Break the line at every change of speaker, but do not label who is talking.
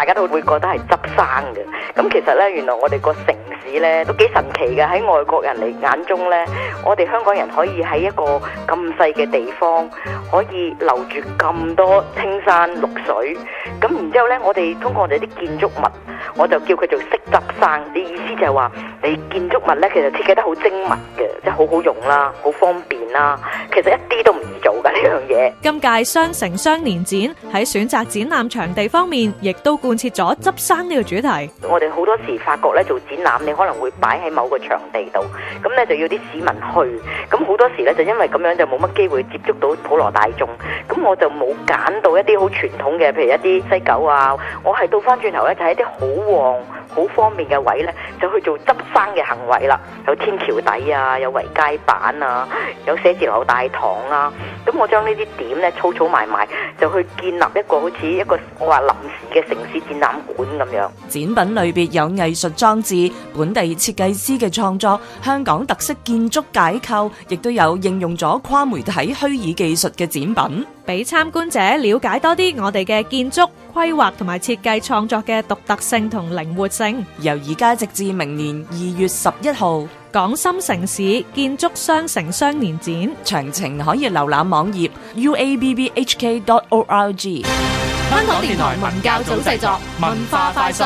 大家都會覺得係執生嘅，咁其實呢，原來我哋個城市呢都幾神奇嘅。喺外國人嚟眼中呢，我哋香港人可以喺一個咁細嘅地方，可以留住咁多青山綠水。咁然之後呢，我哋通過我哋啲建築物，我就叫佢做色執生，啲意思就係話你建築物咧，其實設計得好精密嘅，即係好好用啦，好方便啦。其實一啲都唔易做㗎呢樣嘢。
今屆雙城雙年展喺選擇展覽場地方面，亦都貫徹咗執生呢個主題。
我哋好多時發覺咧，做展覽你可能會擺喺某個場地度，咁咧就要啲市民去，咁好多時咧就因為咁樣就冇乜機會接觸到普羅大眾。咁我就冇揀到一啲好傳統嘅，譬如一啲西九啊，我係倒返轉頭咧就係一啲好。好旺好方便嘅位咧，就去做執生嘅行為啦，有天橋底啊，有圍街板啊，有寫字樓大堂啊，咁我將呢啲點咧粗粗埋埋，就去建立一個好似一個我話臨時嘅城市展覽館咁樣。
展品裏邊有藝術裝置、本地設計師嘅創作、香港特色建築解構，亦都有應用咗跨媒體虛擬技術嘅展品，俾參觀者了解多啲我哋嘅建築。規劃同埋設計創作嘅獨特性同靈活性，由而家直至明年二月十一號，港深城市建築雙城雙年展詳情可以瀏覽網頁 u a b b h k dot o r g。香港電台文教組製作，文化快訊。